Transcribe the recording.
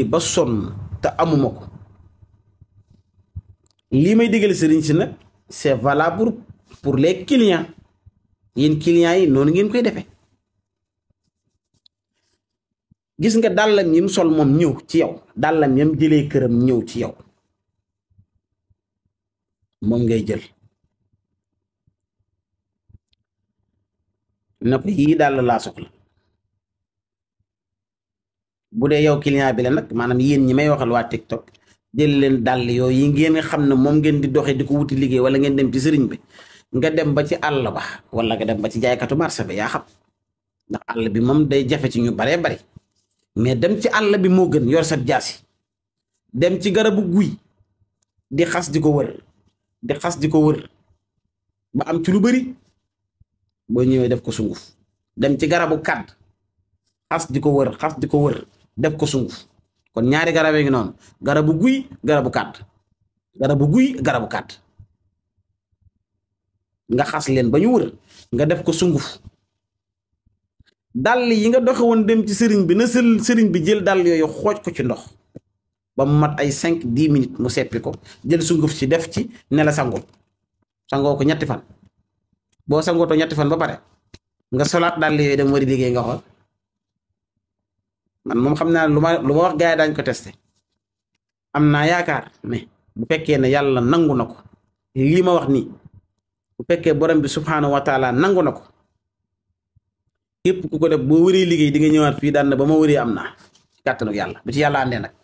yi ba sonn te amuma ko lii may digal sëriñ si nag c'est valable pour les kiliyan yéen clients yi noonu ngeen koy defe gis nga dàllam yim sol moom ñëw ci yow dàllam yam jëlee këram ñëw ci yow moom ngay jël na ko yii dàll laa soxla bu dee yow client bi la nag maanaam yéen ñi may waxal waa TikTok jël leen dàll yooyu yi ngeen xam ne moom ngeen di doxee di ko wuti liggéey wala ngeen dem ci sëriñ bi nga dem ba ci àll ba wala nga dem ba ci jaaykatu marché bi yaa xam ndax àll bi moom day jafe ci ñu baree bari mais dem ci àll bi moo gën yor sa jaasi dem ci garabu guy di xas di ko wër di xas di ko wër ba am ci lu bari boo ñëwee def ko sunguf dem ci garabu kàdd xas di ko wër xas di ko wër def ko sunguf kon ñaari garabee ngi noonu garabu guy garabu kàtt garabu guy garabu kàtt nga xas leen ba ñu wër nga def ko sunguf dàll yi nga doxe woon dem ci sëriñ bi na sël sëriñ bi jël dàll yooyu xooj ko ci ndox ba mu mat ay cinq dix minutes mu seppi ko jël sunguf ci def ci ne la sango sangoo ko ñetti fan boo sangoo sangootoo ñetti fan ba pare nga solaat dàll yooyu dem wari liggéey nga xool man moom xam naa lu ma lu ma wax gars yi daañu ko testé am naa yaakaar ne bu fekkee ne yàlla nangu na ko lii ma wax nii bu fekkee borom bi subhaanahu wa taala nangu na ko képp ku ko def boo wëree liggéey di nga ñëwaat fii daan na ba ma wëree am na ci kàttanu yàlla bu ci yàlla àndee nag.